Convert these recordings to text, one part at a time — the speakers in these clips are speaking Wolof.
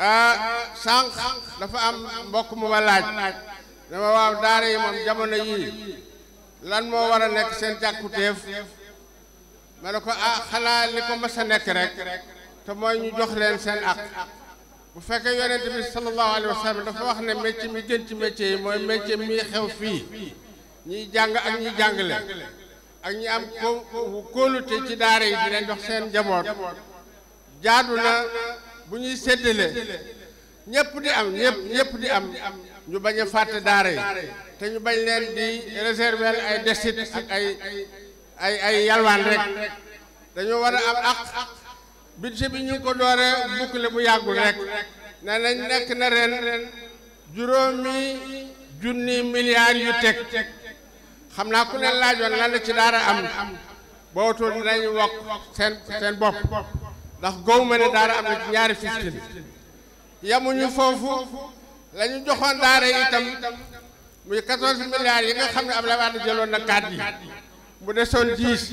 Ah, sànq dafa am mbokk mu ma laaj dama waaw daara yi moom jamono yii lan moo war a nekk seen jàkkuteef ma ne ko ah xanaa li ko mas a nekk rek te mooy ñu jox leen seen ak bu fekkee yonent bi sallallahu alayhi wa sallam dafa wax ne métier mi gën ci métier yi mooy métier mi xew fii ñiy jàng ak ñiy jàngale ak ñi am ko kóolute ci daara yi di leen jox seen njaboot jaadu na bu ñuy séddale ñëpp di am ñëpp ñëpp di am ñu bañ a fàtte daare yi te ñu bañ leen di réserver ay desit ak ay ay ay yalwaan rek dañoo war a am ak budget bi ñu ngi ko dooree le bu yàggul rek ne nañ nekk na ren juróomi junni milliards yu teg xam naa ku ne laajoon lan la ci daara am bootul dinañ wokk seen seen bopp ndax góobu ma ne daara am na ñaari fiskin yamuñu foofu la ñu joxoon daara itam muy 14 milliards yi nga xam ne Abdoulaye Wade jëloon na kàddu yi mu desoon 10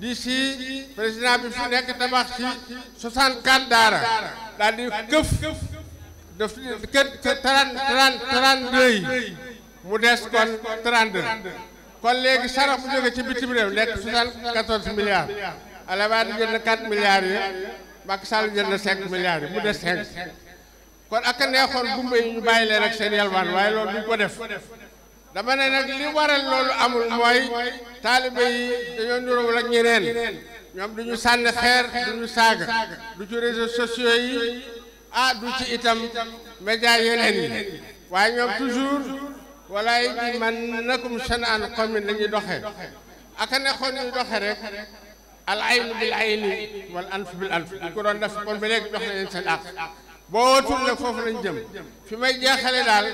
10 yi président bi fi nekk tabax ci 64 daal di këf def kër kër 30 30 32 yi mu des kon 32 kon léegi sarax bu jóge ci bitim réew nekk 74 milliards. Alabaan jël na 4 milliards yi Macky Sall jël na 5 milliards yi mu des 5 kon ak a neexoon gumba yi ñu bàyyi leen ak seen yalwaan waaye loolu duñ ko def dama ne nag li waral loolu amul mooy taalibe yi dañoo niróowul ak ñeneen ñoom du ñu sànni xeer du ñu saaga du ci réseaux sociaux yi ah du ci itam média yeneen yi waaye ñoom toujours walaay man nakum shan'an qawmin la ñuy doxee ak a neexoon ñuy doxee rek. al aynu bil ayni wal anf bil anf ñu ko doon def kon ba léegi dox na leen seen àq boo watul nag foofu lañ jëm fi may jeexale daal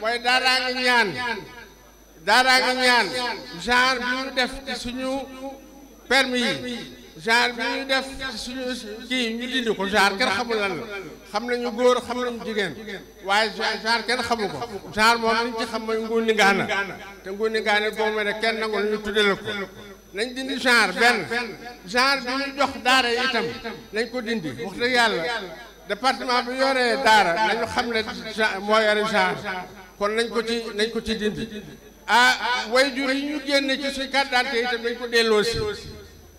mooy daaraa nga ñaan daaraa ñaan genre bi ñu def ci suñu permis yi genre bi ñu def ci suñu kii ñu dindi ko genre kenn xamul lan la xam nañu góor xam nañu jigéen waaye genre kenn xamu ko genre moom lañ ci xam mooy nguur ni ngaana te nguur ni ngaana boo ma ne kenn nangu la ñu tudde la ko nañ dindi genre benn genre bi ñu jox daara yi itam nañ ko dindi wax yàlla département bi yoree daara nañu xam ne moo yore genre kon nañ ko ci nañ ko ci dindi ah way jur yi ñu génn ci suñ carte d'identité itam nañ ko delloo si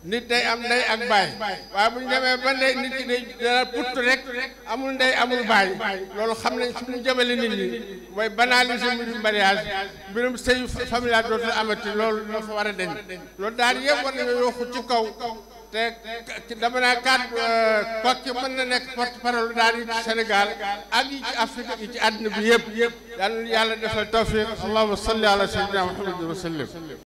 nit day am ndey ak baay waaye bu ñu demee ba ndey nit ki dana putt rek amul ndey amul baay loolu xam nañ fi ñu jëmale nit ñi mooy banaliser mbirum mariage mbirum sëyu familial dootul amati loolu dafa war a deñ loolu daan yëpp war nañu yokku ci kaw te dama naa kat euh, kokki mën na nekk porte parole daal yi ci Sénégal ak yi ci Afrique àddina bi yëpp yëpp daan yàlla defal tawfiq allahumma salli ala sayyidina muhammadin wa sallim